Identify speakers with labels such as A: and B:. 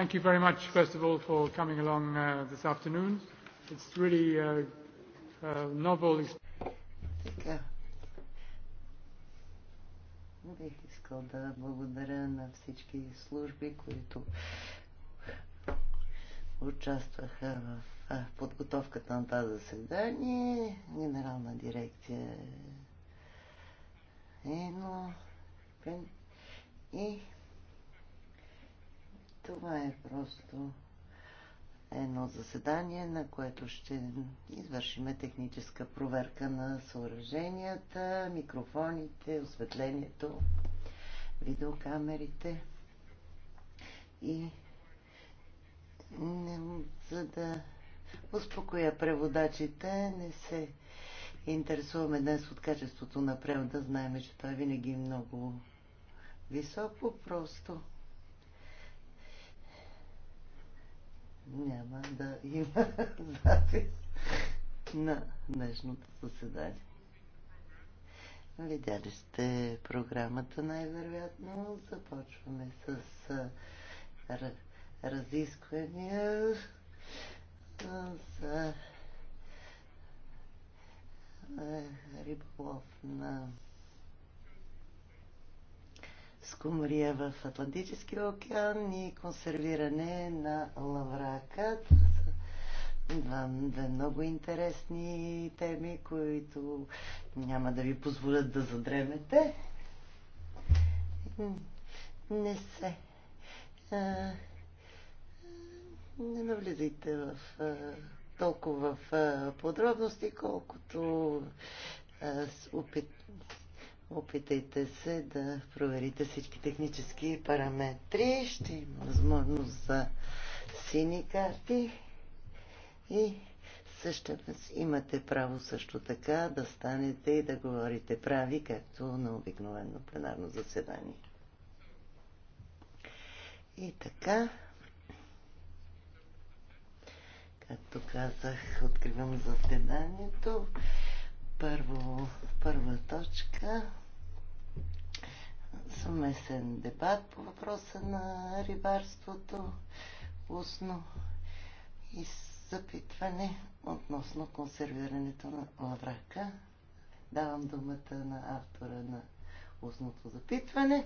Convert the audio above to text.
A: Thank you very much, first of all, for coming along uh, this afternoon. It's really a, uh, uh, novel experience. Бих искал да благодаря на всички служби, които участваха в подготовката на тази заседание. Генерална дирекция Ено и това е просто едно заседание, на което ще извършиме техническа проверка на съоръженията, микрофоните, осветлението, видеокамерите и за да успокоя преводачите, не се интересуваме днес от качеството на превода, знаем, че той винаги е много високо, просто няма да има запис на днешното заседание. Видяли сте програмата най-вероятно. Започваме с разисквания за риболов на скумрия в Атлантическия океан и консервиране на лавра така. Два, две много интересни теми, които няма да ви позволят да задремете. Не се. А, не навлизайте в а, толкова в а, подробности, колкото а, опит, опитайте се да проверите всички технически параметри. Ще има възможност за сини карти и също имате право също така да станете и да говорите прави, както на обикновено пленарно заседание. И така, както казах, откривам заседанието. Първо, първа точка съместен дебат по въпроса на рибарството устно изпитване относно консервирането на лаврака. Давам думата на автора на устното запитване.